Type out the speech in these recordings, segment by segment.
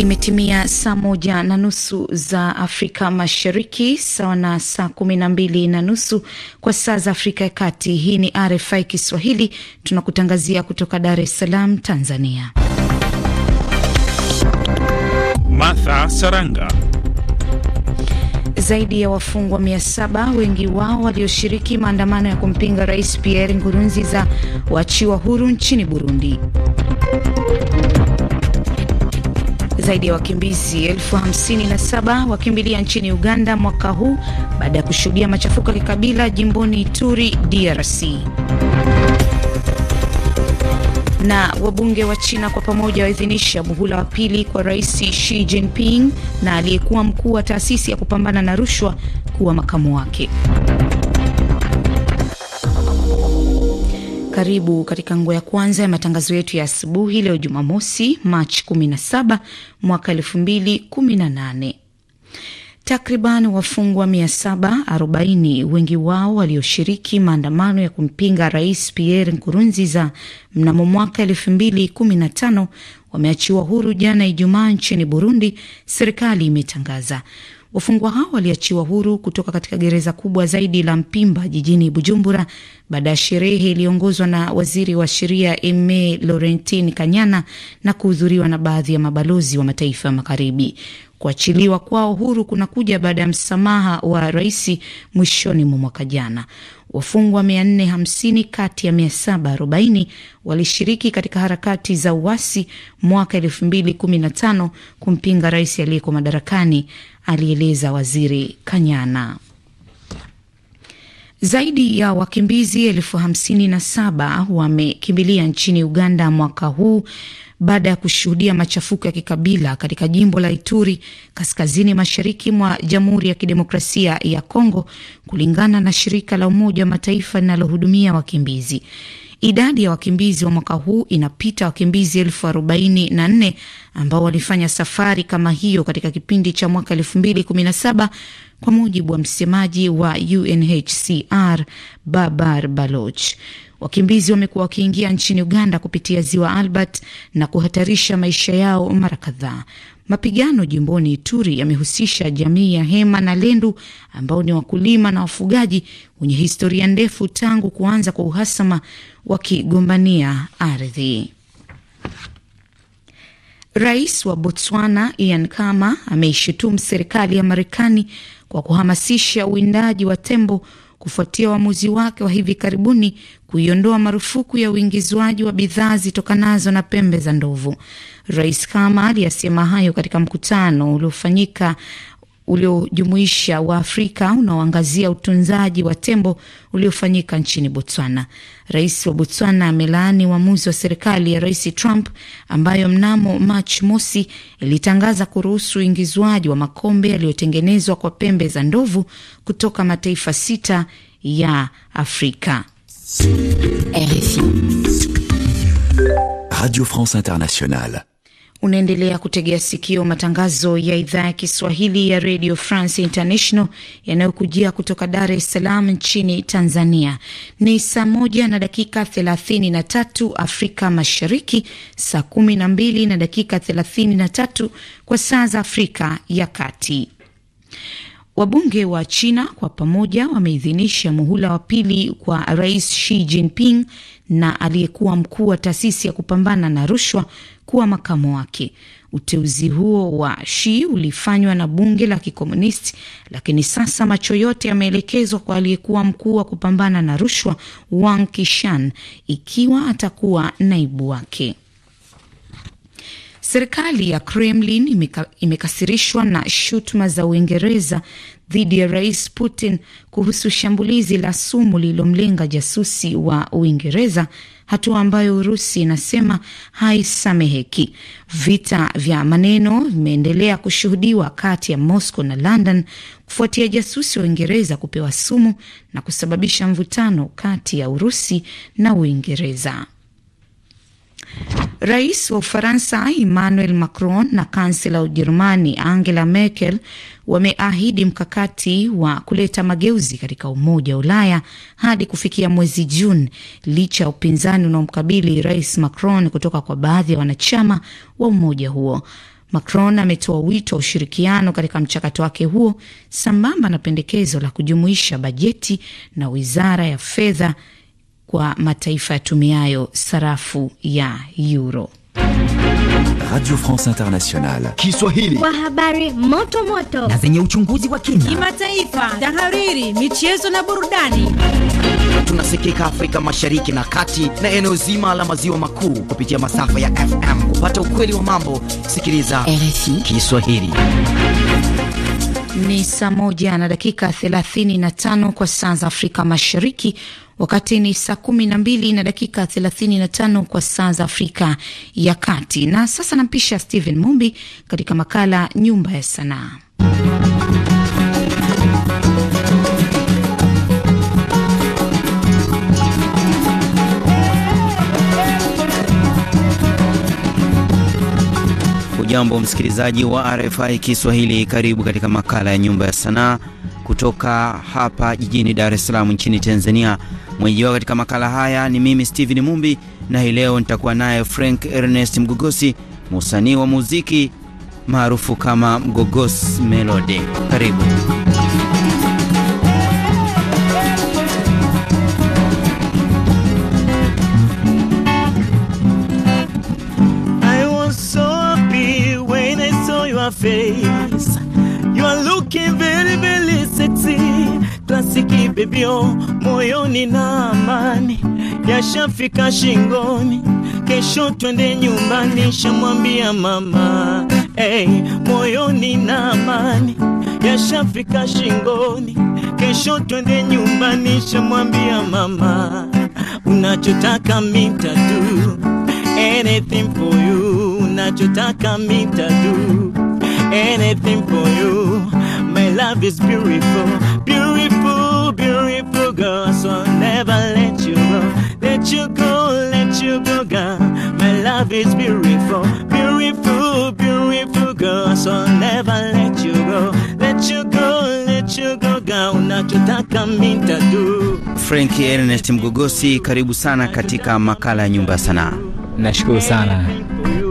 Imetimia saa moja na nusu za Afrika Mashariki, sawa na saa kumi na mbili na nusu kwa saa za Afrika ya Kati. Hii ni RFI Kiswahili, tunakutangazia kutoka Dar es Salaam, Tanzania. Martha Saranga. Zaidi ya wafungwa mia saba wengi wao walioshiriki maandamano ya kumpinga Rais Pierre Nkurunziza waachiwa huru nchini Burundi. Zaidi ya wakimbizi elfu hamsini na saba wakimbilia nchini Uganda mwaka huu baada ya kushuhudia machafuko ya kikabila jimboni Ituri, DRC. Na wabunge wa China kwa pamoja waidhinisha muhula wa pili kwa Rais Xi Jinping na aliyekuwa mkuu wa taasisi ya kupambana na rushwa kuwa makamu wake. Karibu katika nguo ya kwanza ya matangazo yetu ya asubuhi leo Jumamosi, Machi 17 mwaka 2018. Takriban wafungwa 740 wengi wao walioshiriki maandamano ya kumpinga Rais Pierre Nkurunziza mnamo mwaka 2015 wameachiwa huru jana Ijumaa nchini Burundi, serikali imetangaza. Wafungwa hao waliachiwa huru kutoka katika gereza kubwa zaidi la Mpimba jijini Bujumbura baada ya sherehe iliyoongozwa na waziri wa sheria m lorentin Kanyana na kuhudhuriwa na baadhi ya mabalozi wa mataifa ya Magharibi. Kuachiliwa kwao huru kunakuja baada ya msamaha wa rais mwishoni mwa mwaka jana. Wafungwa 450 kati ya 740 walishiriki katika harakati za uasi mwaka 2015 kumpinga rais aliyeko madarakani alieleza Waziri Kanyana. Zaidi ya wakimbizi elfu hamsini na saba wamekimbilia nchini Uganda mwaka huu baada ya kushuhudia machafuko ya kikabila katika jimbo la Ituri kaskazini mashariki mwa Jamhuri ya Kidemokrasia ya Kongo, kulingana na shirika la Umoja wa Mataifa linalohudumia wakimbizi. Idadi ya wakimbizi wa mwaka huu inapita wakimbizi elfu arobaini na nne ambao walifanya safari kama hiyo katika kipindi cha mwaka elfu mbili kumi na saba kwa mujibu wa msemaji wa UNHCR Babar Baloch. Wakimbizi wamekuwa wakiingia nchini Uganda kupitia ziwa Albert na kuhatarisha maisha yao mara kadhaa. Mapigano jimboni Ituri yamehusisha jamii ya Hema na Lendu ambao ni wakulima na wafugaji wenye historia ndefu tangu kuanza kwa uhasama wakigombania ardhi. Rais wa Botswana Ian Khama ameishutumu serikali ya Marekani kwa kuhamasisha uwindaji wa tembo kufuatia uamuzi wake wa hivi karibuni kuiondoa marufuku ya uingizwaji wa bidhaa zitokanazo na pembe za ndovu. Rais Kama aliyasema hayo katika mkutano uliofanyika uliojumuisha wa afrika unaoangazia utunzaji wa tembo uliofanyika nchini Botswana. Rais wa Botswana amelaani uamuzi wa serikali ya Rais Trump ambayo mnamo Machi mosi ilitangaza kuruhusu uingizwaji wa makombe yaliyotengenezwa kwa pembe za ndovu kutoka mataifa sita ya Afrika. RFI Radio France Internationale Unaendelea kutegea sikio matangazo ya idhaa ya Kiswahili ya Radio France International yanayokujia kutoka Dar es Salaam nchini Tanzania. Ni saa moja na dakika thelathini na tatu Afrika Mashariki, saa kumi na mbili na dakika thelathini na tatu kwa saa za Afrika ya Kati. Wabunge wa China kwa pamoja wameidhinisha muhula wa pili kwa Rais Xi Jinping na aliyekuwa mkuu wa taasisi ya kupambana na rushwa kuwa makamo wake. Uteuzi huo wa Shi ulifanywa na bunge la kikomunisti, lakini sasa macho yote yameelekezwa kwa aliyekuwa mkuu wa kupambana na rushwa Wang Kishan, ikiwa atakuwa naibu wake. Serikali ya Kremlin imeka, imekasirishwa na shutuma za Uingereza dhidi ya Rais Putin kuhusu shambulizi la sumu lililomlenga jasusi wa Uingereza hatua ambayo Urusi inasema haisameheki. Vita vya maneno vimeendelea kushuhudiwa kati ya Moscow na London kufuatia jasusi wa Uingereza kupewa sumu na kusababisha mvutano kati ya Urusi na Uingereza. Rais wa Ufaransa Emmanuel Macron na kansela wa Ujerumani Angela Merkel wameahidi mkakati wa kuleta mageuzi katika Umoja wa Ulaya hadi kufikia mwezi Juni, licha ya upinzani unaomkabili Rais Macron kutoka kwa baadhi ya wanachama wa umoja huo. Macron ametoa wito wa ushirikiano katika mchakato wake huo sambamba na pendekezo la kujumuisha bajeti na wizara ya fedha kwa mataifa yatumiayo sarafu ya euro. Radio France Internationale Kiswahili, kwa habari moto moto na zenye uchunguzi wa kina, kimataifa, tahariri, michezo na burudani. Tunasikika Afrika Mashariki na Kati na eneo zima la maziwa makuu kupitia masafa ya FM. Kupata ukweli wa mambo, sikiliza RFI Kiswahili. Ni saa moja na dakika 35 kwa saa za Afrika Mashariki wakati ni saa kumi na mbili na dakika thelathini na tano kwa saa za Afrika ya Kati. Na sasa nampisha Stephen Mumbi katika makala Nyumba ya Sanaa. Jambo msikilizaji wa RFI Kiswahili, karibu katika makala ya nyumba ya sanaa kutoka hapa jijini Dar es Salaam nchini Tanzania, Mwenyeji wao katika makala haya ni mimi Steven Mumbi, na hii leo nitakuwa naye Frank Ernest Mgogosi, msanii wa muziki maarufu kama Mgogosi Melody. Karibu. Face. You are looking very, very sexy kasi kibibio, oh, moyoni na amani, yashafika shingoni, kesho twende nyumbani, shamwambia mama hey, moyoni na amani, yashafika shingoni, kesho twende nyumbani, shamwambia mama unachotaka mita tu, anything for you, unachotaka mita tu, anything for you, my love is beautiful Beautiful, beautiful girl, so never let you go. Let you go, let you go, girl. My love is beautiful, beautiful, beautiful girl, so never let you go. Let you go, let you go, girl. Unachotaka mimi nitadu. Frank Ernest Mgogosi, karibu sana katika makala ya Nyumba ya Sanaa. Nashukuru sana.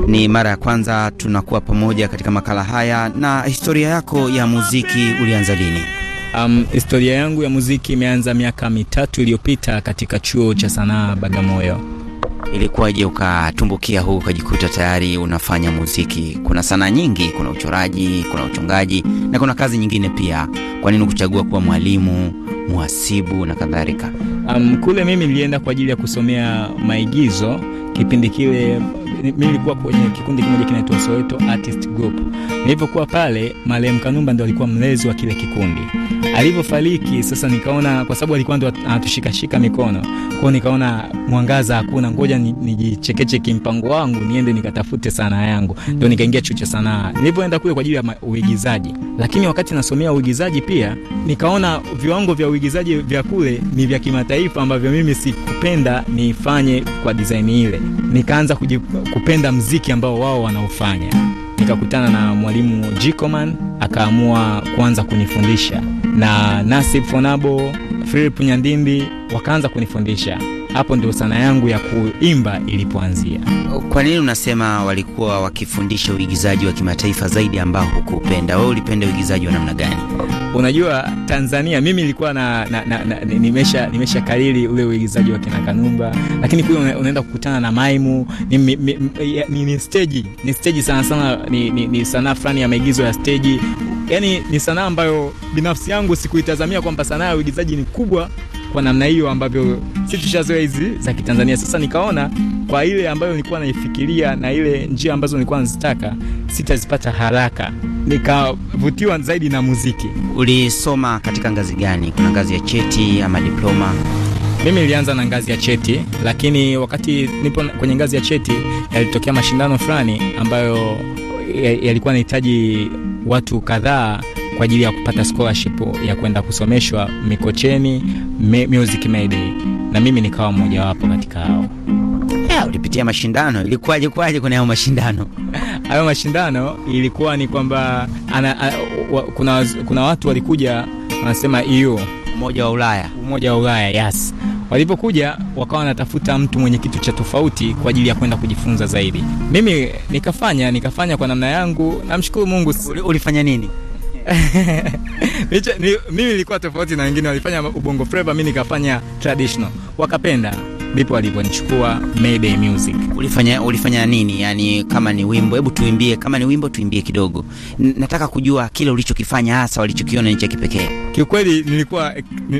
Ni mara ya kwanza tunakuwa pamoja katika makala haya, na historia yako ya muziki ulianza lini? Um, historia yangu ya muziki imeanza miaka mitatu iliyopita katika chuo cha sanaa Bagamoyo. Ilikuwaje ukatumbukia huku ukajikuta tayari unafanya muziki? Kuna sanaa nyingi, kuna uchoraji, kuna uchongaji na kuna kazi nyingine pia. Kwa nini kuchagua kuwa mwalimu, mhasibu na kadhalika? Um, kule mimi nilienda kwa ajili ya kusomea maigizo. Kipindi kile mimi nilikuwa kwenye kikundi kimoja kinaitwa Soweto Artist Group. Nilipokuwa pale, Malem Kanumba ndio alikuwa mlezi wa kile kikundi alivyofariki sasa, nikaona kwa sababu alikuwa ndo anatushikashika mikono kwao, nikaona mwangaza hakuna, ngoja nijichekeche kimpango wangu niende nikatafute sanaa yangu, ndo nikaingia chuo cha sanaa. Nilipoenda kule kwa ajili ya uigizaji, lakini wakati nasomea uigizaji pia nikaona viwango vya uigizaji vya kule ni vya kimataifa ambavyo mimi sikupenda nifanye kwa design ile. Nikaanza kupenda mziki ambao wao wanaofanya, nikakutana na mwalimu Jikoman akaamua kuanza kunifundisha na Nasib Fonabo, Philip Nyandimbi wakaanza kunifundisha. Hapo ndio sanaa yangu ya kuimba ilipoanzia. Kwa nini unasema walikuwa wakifundisha uigizaji wa kimataifa zaidi ambao hukupenda wewe? Ulipenda uigizaji wa namna gani? Unajua Tanzania, mimi nilikuwa na, na, na, na nimesha, nimesha kariri ule uigizaji wa kina Kanumba, lakini kule unaenda kukutana na maimu ni, mi, mi, ni, ni stage ni stage sana sana, ni, ni, ni sanaa fulani ya maigizo ya stage. Yani ni sanaa ambayo binafsi yangu sikuitazamia kwamba sanaa ya uigizaji ni kubwa kwa namna hiyo ambavyo si tushazoea hizi za Kitanzania. Sasa nikaona kwa ile ambayo nilikuwa naifikiria na ile njia ambazo nilikuwa nazitaka sitazipata haraka, nikavutiwa zaidi na muziki. Ulisoma katika ngazi gani? Kuna ngazi ya cheti ama diploma? Mimi nilianza na ngazi ya cheti, lakini wakati nipo kwenye ngazi ya cheti yalitokea mashindano fulani ambayo yalikuwa yanahitaji watu kadhaa kwa ajili ya kupata scholarship ya kwenda kusomeshwa Mikocheni Music Made, na mimi nikawa mmojawapo katika hao. Yeah, ulipitia mashindano, ilikuwaje kwaje kwenye hayo mashindano? Hayo mashindano ilikuwa ni kwamba kuna, kuna watu walikuja wanasema EU, Umoja wa Ulaya, Umoja wa Ulaya, yes Walipokuja wakawa wanatafuta mtu mwenye kitu cha tofauti kwa ajili ya kwenda kujifunza zaidi. Mimi nikafanya nikafanya kwa namna yangu, namshukuru Mungu. Ulifanya nini? ni, mimi nilikuwa tofauti na wengine, walifanya ubongo flavor, mimi nikafanya traditional, wakapenda ndipo walivyonichukua Mayday Music. Ulifanya ulifanya nini? Yaani kama ni wimbo, hebu tuimbie. Kama ni wimbo tuimbie kidogo. N nataka kujua kile ulichokifanya hasa walichokiona ni cha kipekee. Kiukweli nilikuwa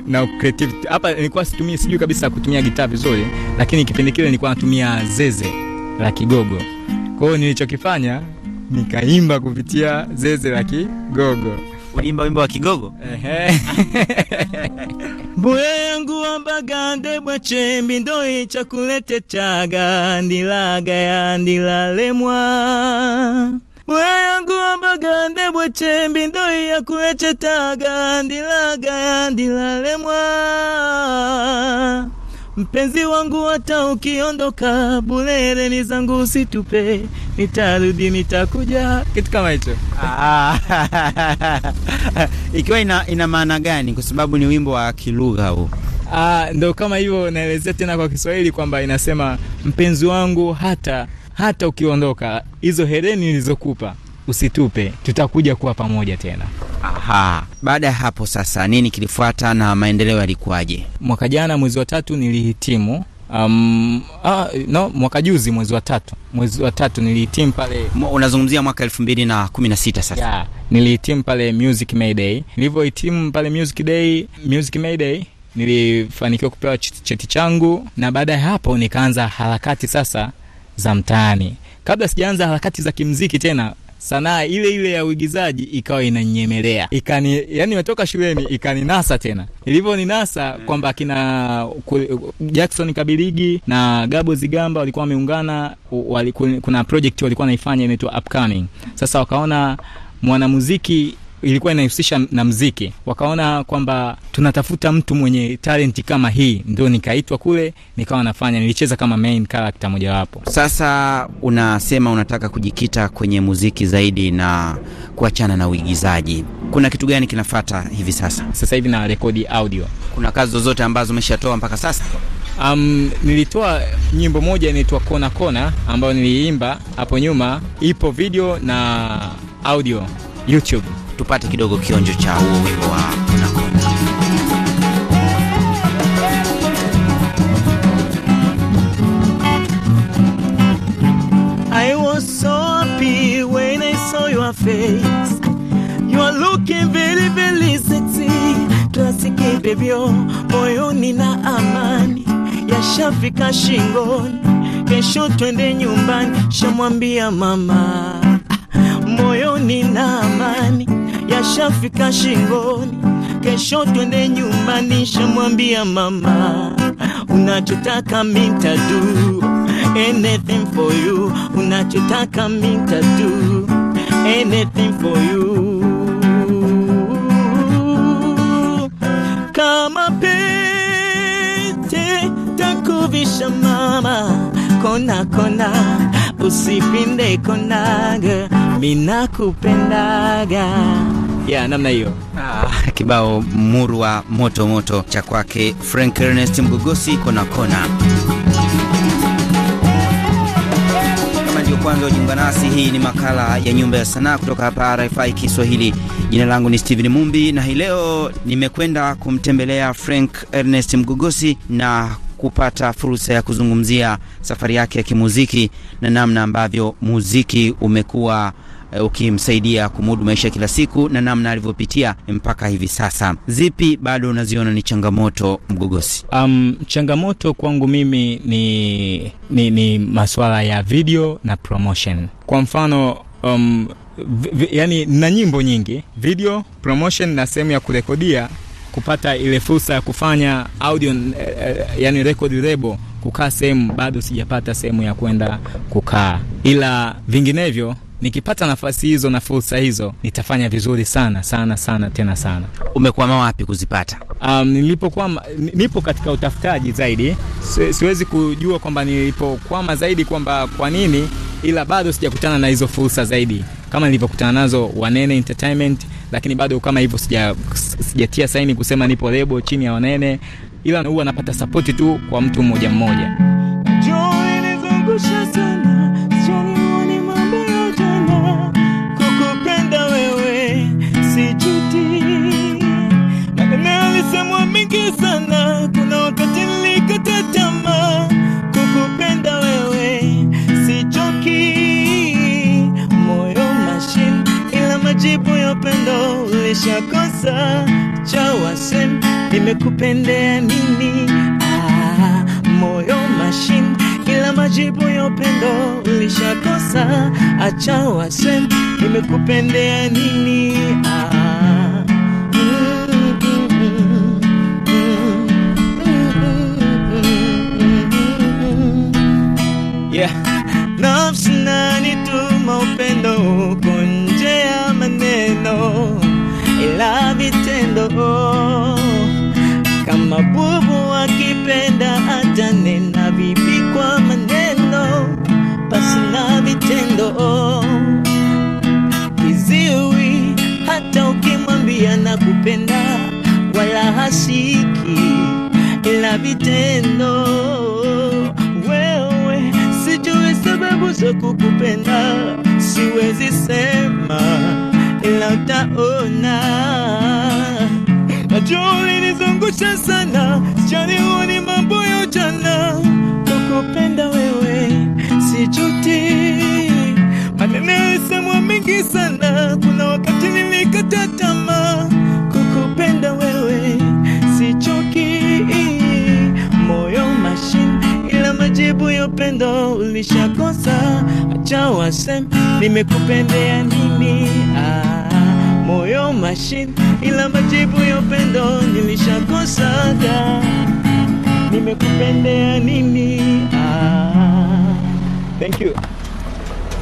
na creativity. Hapa nilikuwa situmii sijui kabisa kutumia gitaa vizuri, lakini kipindi kile nilikuwa natumia zeze la Kigogo. Kwa hiyo nilichokifanya nikaimba kupitia zeze la Kigogo. Uliimba wimbo wa Kigogo? Ehe. bweyangu wambagande bwachembi ndo icha kulete chaga ndilaga ya ndilalemwa bweyangu wambagande bwachembi ndo iya taga ndilaga ya ndilalemwa Mpenzi wangu hata ukiondoka, bure hereni zangu usitupe, nitarudi nitakuja, kitu kama hicho ah. ikiwa ina, ina maana gani? Kwa sababu ni wimbo wa kilugha huu. Ah, ndo kama hivyo naelezea tena kwa Kiswahili kwamba inasema mpenzi wangu hata hata ukiondoka, hizo hereni nilizokupa usitupe, tutakuja kuwa pamoja tena. Aha, baada ya hapo sasa nini kilifuata na maendeleo yalikuwaje? Mwaka jana mwezi wa tatu nilihitimu. Um, ah, no, mwaka juzi mwezi wa tatu mwezi wa tatu nilihitimu pale. Unazungumzia mwaka elfu mbili na kumi na sita sasa? Yeah, nilihitimu pale Music May Day. Nilivyohitimu pale Music Day, Music May Day nilifanikiwa kupewa cheti changu, na baada ya hapo nikaanza harakati sasa za mtaani. Kabla sijaanza harakati za kimziki tena sanaa ile ile ya uigizaji ikawa inanyemelea ikani, yani imetoka shuleni ikaninasa tena, ilivyoninasa mm. kwamba kina Jackson Kabiligi na Gabo Zigamba walikuwa wameungana, kuna project walikuwa naifanya inaitwa Upcoming. Sasa wakaona mwanamuziki ilikuwa inahusisha na mziki, wakaona kwamba tunatafuta mtu mwenye talenti kama hii, ndio nikaitwa kule, nikawa nafanya, nilicheza kama main character mojawapo. Sasa unasema unataka kujikita kwenye muziki zaidi na kuachana na uigizaji, kuna kitu gani kinafata hivi sasa? Sasa hivi na rekodi audio. Kuna kazi zozote ambazo umeshatoa mpaka sasa? Um, nilitoa nyimbo moja inaitwa Kona Kona ambayo niliimba hapo nyuma, ipo video na audio YouTube tupate kidogo kionjo cha huo wimbo wa Nakona. face. You are looking very, very sexy. amani. Yashafika shingoni, kesho twende nyumbani. Shamwambia mama, moyoni na amani yashafika shingoni, kesho twende nyumbani, shamwambia mama, unachotaka mintadu, anything for you, unachotaka mintadu, anything for you kama pete takuvisha mama, kona kona, usipinde konaga Minakupendaga ya namna hiyo. Ah, kibao murwa moto moto cha kwake Frank Ernest Mgogosi kona kona. Kama ndio kwanza ujiunga nasi, hii ni makala ya Nyumba ya Sanaa kutoka hapa RFI Kiswahili. Jina langu ni Steven Mumbi na hii leo nimekwenda kumtembelea Frank Ernest Mgogosi na kupata fursa ya kuzungumzia safari yake ya kimuziki na namna ambavyo muziki umekuwa Eh, ukimsaidia kumudu maisha kila siku na namna alivyopitia mpaka hivi sasa. Zipi bado unaziona ni changamoto Mgogosi? Um, changamoto kwangu mimi ni, ni, ni masuala ya video na promotion. Kwa mfano um, yani na nyimbo nyingi, video promotion na sehemu ya kurekodia kupata ile fursa ya kufanya audio eh, eh yani record label kukaa sehemu, bado sijapata sehemu ya kwenda kukaa, ila vinginevyo nikipata nafasi hizo na fursa hizo nitafanya vizuri sana sana sana tena sana. Umekwama wapi kuzipata? Um, nilipokwama, nipo katika utafutaji zaidi, siwezi kujua kwamba nilipokwama zaidi kwamba kwa nini, ila bado sijakutana na hizo fursa zaidi kama nilivyokutana nazo Wanene Entertainment, lakini bado kama hivyo sija sijatia saini kusema nipo lebo chini ya Wanene, ila huwa napata sapoti tu kwa mtu mmoja mmoja. cha wasem nimekupendea nini? Ah, moyo mashin ila majibu ya upendo ulishakosa. Acha ah, wasem, nimekupendea nini? Ah, mm, mm, mm, mm, mm, mm, yeah. Nafsi nani tu kupenda wala hasiki ila vitendo. Wewe sijui sababu za kukupenda, siwezi sema ila utaona. Najua ulinizungusha sana, sijaoni mambo ya jana. Kukupenda wewe sijuti, maneno yasemwa mengi sana, kuna wakati nilikata tamaa kupenda wewe sichoki moyo machine, ila majibu ya upendo ulishakosa. Acha wasem nimekupendea nini? Ah, moyo machine, ila majibu ya upendo nilishakosa. Nimekupendea nini? Ah, thank you.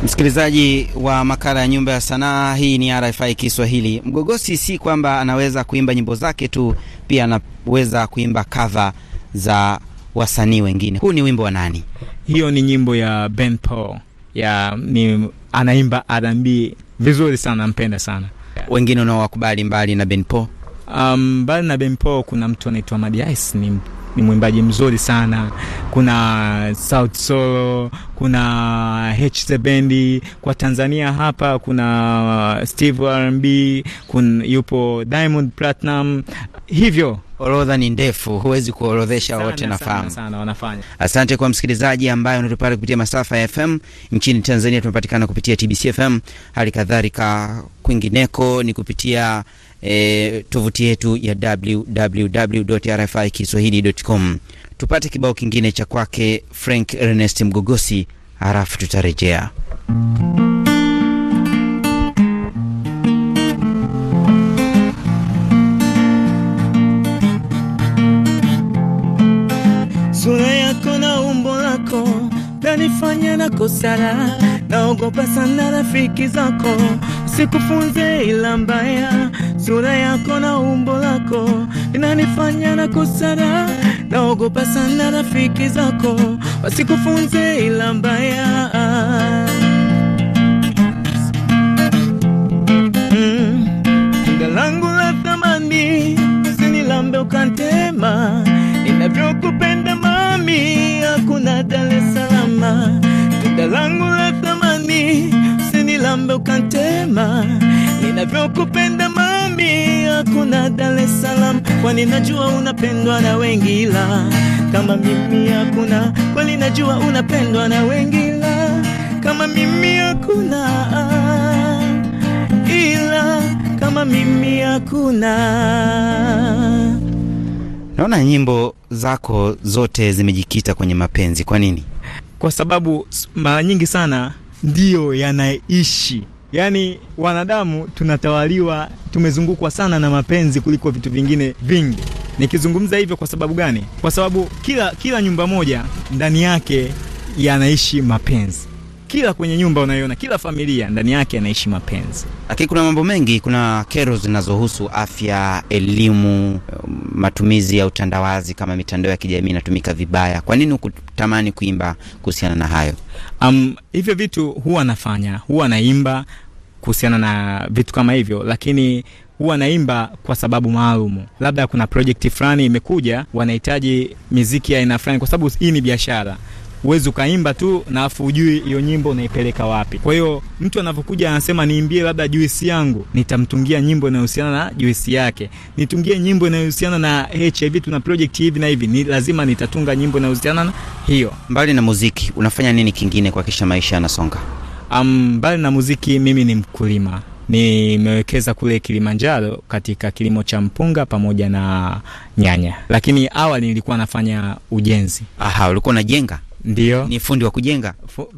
Msikilizaji wa makala ya Nyumba ya Sanaa, hii ni RFI Kiswahili. Mgogosi si kwamba anaweza kuimba nyimbo zake tu, pia anaweza kuimba cover za wasanii wengine. Huu ni wimbo wa nani? Hiyo ni nyimbo ya Ben Paul ya ni anaimba R&B vizuri sana, nampenda sana. Wengine unaowakubali mbali na Ben Paul? Um, mbali na Ben Paul kuna mtu anaitwa Madiais, ni ni mwimbaji mzuri sana. Kuna South Solo, kuna H7 Bendi kwa Tanzania hapa, kuna uh, Steve R&B, kuna yupo Diamond Platinum, hivyo orodha ni ndefu, huwezi kuorodhesha wote, nafahamu Asante kwa msikilizaji ambaye unatupata kupitia masafa ya FM nchini Tanzania, tunapatikana kupitia TBC FM, hali kadhalika kwingineko ni kupitia e, tovuti yetu ya www.rfikiswahili.com. Tupate kibao kingine cha kwake Frank Ernest Mgogosi, halafu tutarejea. Sura yako na umbo lako nanifanya na kosara, naogopa sana rafiki zako, sikufunze ila mbaya sura yako na umbo lako inanifanya na kusara, naogopa sana rafiki zako wasikufunze ila mbaya. Mm. tunda langu la thamani, usinilambe ukantema, ninavyokupenda mami, hakuna Dar es Salaam. Tunda langu la thamani, usinilambe ukantema, ninavyokupenda pia kuna Dar es Salaam, kwani najua unapendwa na wengi, la kama mimi hakuna, kwani najua unapendwa na wengi, la kama mimi hakuna, ila kama mimi hakuna. Naona nyimbo zako zote zimejikita kwenye mapenzi. Kwa nini? Kwa sababu mara nyingi sana ndiyo yanaishi Yaani wanadamu tunatawaliwa, tumezungukwa sana na mapenzi kuliko vitu vingine vingi. Nikizungumza hivyo kwa sababu gani? Kwa sababu kila kila nyumba moja ndani yake yanaishi mapenzi kila kwenye nyumba unayoona, kila familia ndani yake anaishi mapenzi. Lakini kuna mambo mengi, kuna kero zinazohusu afya, elimu, matumizi ya utandawazi kama mitandao ya kijamii inatumika vibaya. Kwa nini hukutamani kuimba kuhusiana na hayo? Um, hivyo vitu huwa nafanya, huwa naimba kuhusiana na vitu kama hivyo, lakini huwa naimba kwa sababu maalum labda kuna projekti fulani imekuja, wanahitaji miziki ya aina fulani, kwa sababu hii ni biashara uwezi ukaimba tu na afu ujui hiyo nyimbo unaipeleka wapi. Kwa hiyo mtu anavyokuja anasema niimbie labda juisi yangu, nitamtungia nyimbo inayohusiana na juisi yake, nitungie nyimbo inayohusiana na HIV, tuna project hivi na hivi, ni lazima nitatunga nyimbo inayohusiana na hiyo. Mbali na muziki, unafanya nini kingine kuhakikisha maisha yanasonga? Mbali um, na muziki, mimi ni mkulima nimewekeza kule Kilimanjaro katika kilimo cha mpunga pamoja na nyanya, lakini awali nilikuwa nafanya ujenzi. Aha, ulikuwa unajenga? Ndio. Ni fundi wa kujenga.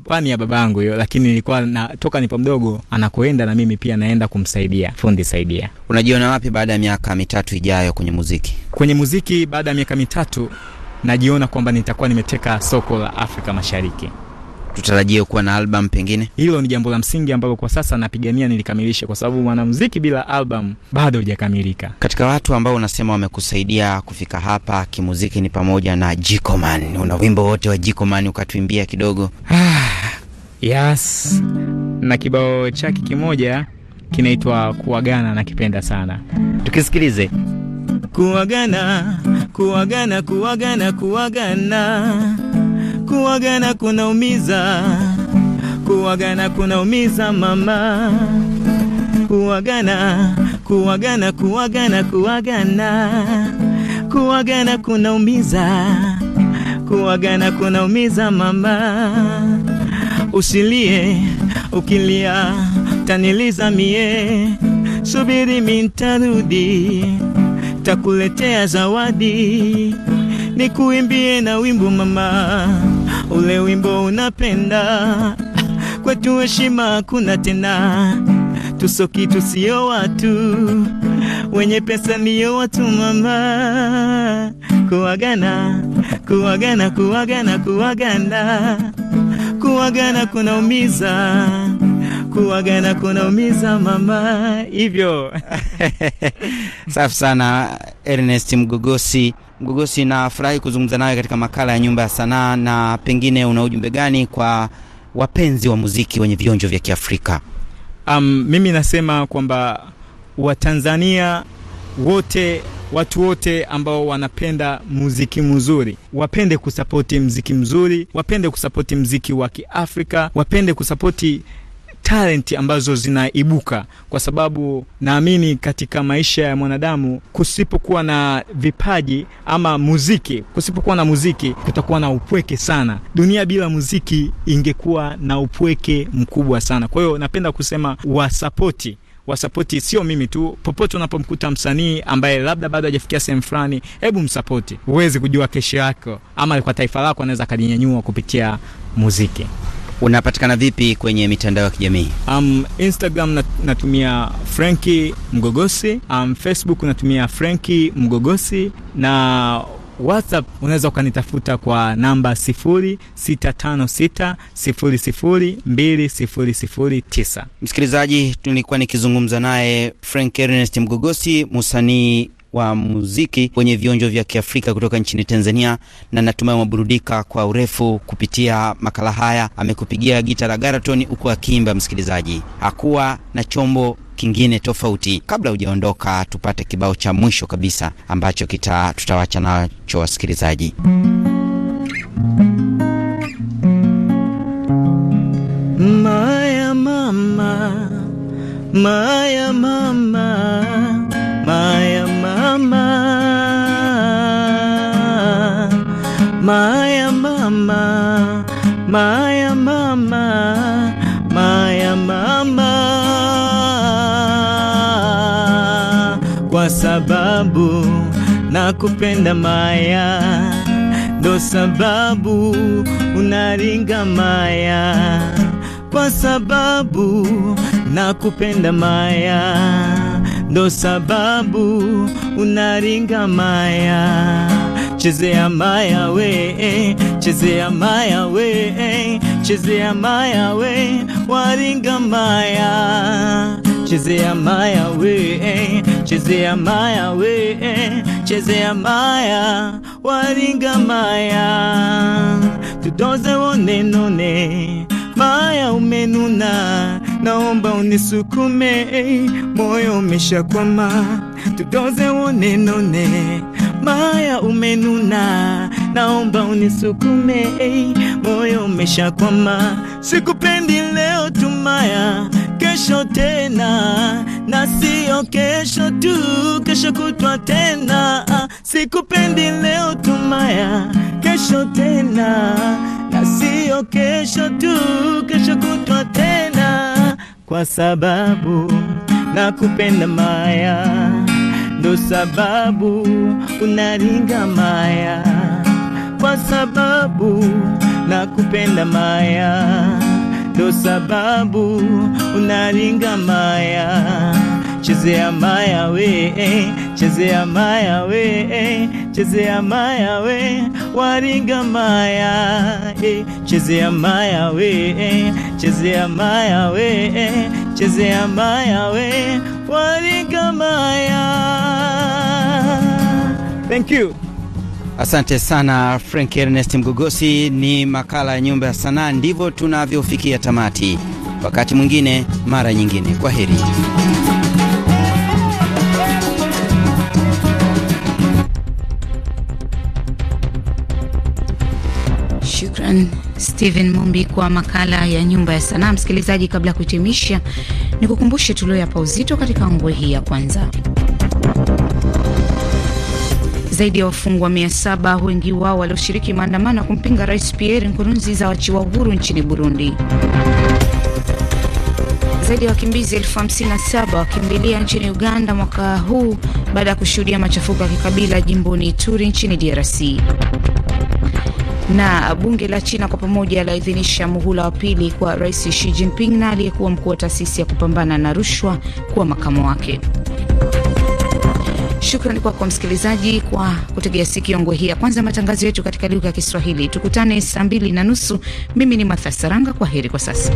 pani ya babangu hiyo, lakini nilikuwa na toka nipo mdogo anakoenda na mimi pia naenda kumsaidia. Fundi saidia. Unajiona wapi baada ya miaka mitatu ijayo kwenye muziki? Kwenye muziki baada ya miaka mitatu najiona kwamba nitakuwa nimeteka soko la Afrika Mashariki tutarajie kuwa na album pengine? Hilo ni jambo la msingi ambalo kwa sasa napigania nilikamilishe, kwa sababu mwanamuziki bila album bado hujakamilika. Katika watu ambao unasema wamekusaidia kufika hapa kimuziki ni pamoja na Jikoman. Una wimbo wote wa Jikoman ukatuimbia kidogo? Yes, na kibao chake kimoja kinaitwa Kuagana, nakipenda sana, tukisikilize. Kuagana, kuagana, kuagana, kuagana kuwagana kunaumiza, kuwagana kunaumiza mama, kuwagana kuwagana kuwagana kuwagana kuwagana kunaumiza, kuwagana kunaumiza mama. Usilie, ukilia taniliza mie, subiri mintarudi, takuletea zawadi, nikuimbie na wimbo mama ule wimbo unapenda kwetu, heshima kuna tena, tusoki tusio watu wenye pesa niyo watu mama, kuwagana kuwagana kuwagana kuagana kuagana kunaumiza kuagana kunaumiza mama, hivyo safi sana Ernest Mgogosi. Mgogosi, nafurahi kuzungumza nawe katika makala ya Nyumba ya Sanaa, na pengine una ujumbe gani kwa wapenzi wa muziki wenye vionjo vya Kiafrika? Um, mimi nasema kwamba Watanzania wote watu wote ambao wanapenda muziki mzuri wapende kusapoti mziki mzuri, wapende kusapoti mziki wa Kiafrika, wapende kusapoti talenti ambazo zinaibuka, kwa sababu naamini katika maisha ya mwanadamu kusipokuwa na vipaji ama muziki, kusipokuwa na muziki kutakuwa na upweke sana. Dunia bila muziki ingekuwa na upweke mkubwa sana. Kwa hiyo napenda kusema wasapoti wasapoti sio mimi tu, popote unapomkuta msanii ambaye labda bado hajafikia sehemu fulani, hebu msapoti. Huwezi kujua kesho yako ama kwa taifa lako anaweza akalinyanyua kupitia muziki. Unapatikana vipi kwenye mitandao ya kijamii? Um, Instagram nat natumia Franki Mgogosi. Um, Facebook natumia Franki Mgogosi na WhatsApp unaweza ukanitafuta kwa namba 0656002009. Msikilizaji, tulikuwa nikizungumza naye Frank Ernest Mgogosi, msanii wa muziki kwenye vionjo vya Kiafrika kutoka nchini Tanzania, na natumai umeburudika kwa urefu kupitia makala haya. Amekupigia gita la Garatoni huku akiimba, msikilizaji, hakuwa na chombo kingine tofauti. Kabla hujaondoka, tupate kibao cha mwisho kabisa ambacho kita tutawacha nacho wasikilizaji. Maya mama, maya mama, maya mama mama, maya mama, maya mama, maya mama, kwa sababu nakupenda maya, ndo sababu unaringa maya, kwa sababu nakupenda maya ndo sababu unaringa maya chezea maya we chezea maya we chezea maya we waringa maya chezea maya we chezea maya we chezea maya waringa maya tudoze wonenone maya umenuna naomba unisukume moyo umeshakwama tudoze unenone maya umenuna, naomba unisukume, ei, moyo umeshakwama, sikupendi leo tumaya, kesho tena na siyo kesho tu, kesho kutwa tena, ah, sikupendi leo tumaya, kesho tena na siyo kesho tu, kesho kutwa tena, kwa sababu nakupenda Maya ndo sababu unaringa maya, kwa sababu nakupenda maya, ndo sababu unaringa maya. Chezea maya we, eh. chezea maya we, eh. chezea maya we, waringa maya, eh. chezea maya we, chezea maya we, chezea maya we, waringa maya. Thank you. Asante sana Frank Ernest Mgogosi. Ni makala ya Nyumba ya Sanaa, ndivyo tunavyofikia tamati. Wakati mwingine, mara nyingine, kwa heri. Shukran Stephen Mumbi kwa makala ya Nyumba ya Sanaa. Msikilizaji, kabla ya kuhitimisha, ni kukumbushe tulioyapa uzito katika ngwe hii ya kwanza zaidi ya wafungwa mia saba, wengi wao walioshiriki maandamano ya kumpinga Rais Pierre Nkurunziza wachiwa uhuru nchini Burundi. Zaidi ya wakimbizi elfu hamsini na saba wakimbilia nchini Uganda mwaka huu baada ya kushuhudia machafuko ya kikabila jimboni Ituri nchini DRC. Na bunge la China kwa pamoja laidhinisha muhula wa pili kwa Rais Xi Jinping na aliyekuwa mkuu wa taasisi ya kupambana na rushwa kuwa makamu wake. Shukrani kwako msikilizaji kwa kutegea sikio ngwe hii ya kwanza matangazo yetu katika lugha ya Kiswahili. Tukutane saa mbili na nusu. Mimi ni Matha Saranga, kwa heri kwa sasa.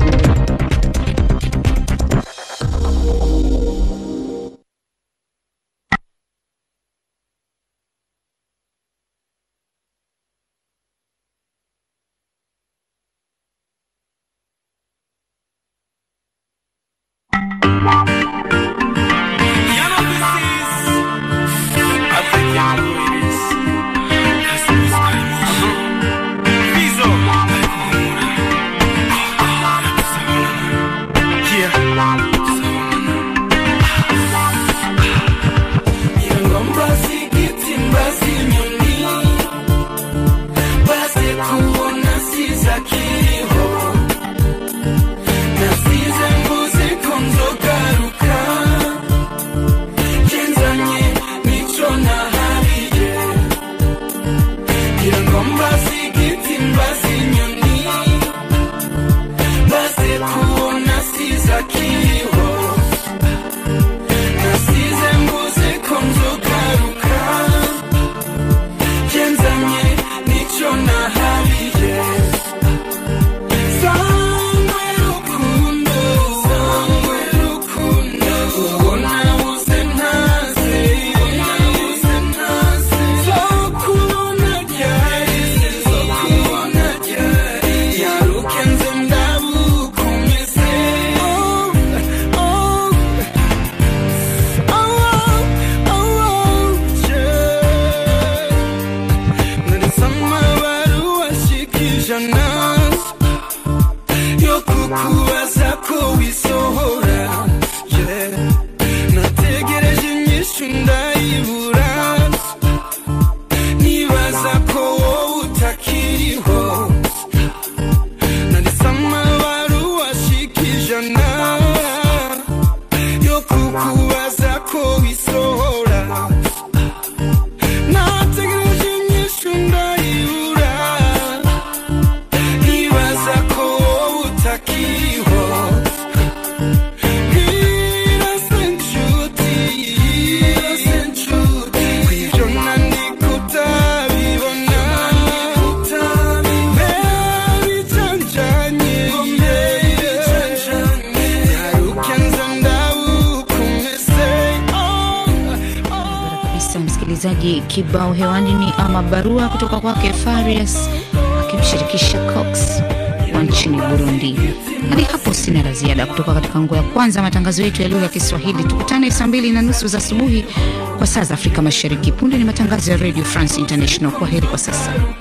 kibao hewani ni ama barua kutoka kwake Farias akimshirikisha Cox wa nchini Burundi. Hadi hapo sina la ziada kutoka katika nguo ya kwanza matangazo yetu ya lugha ya Kiswahili. Tukutane saa mbili na nusu za asubuhi kwa saa za Afrika Mashariki. Punde ni matangazo ya Radio France International. Kwa heri kwa sasa.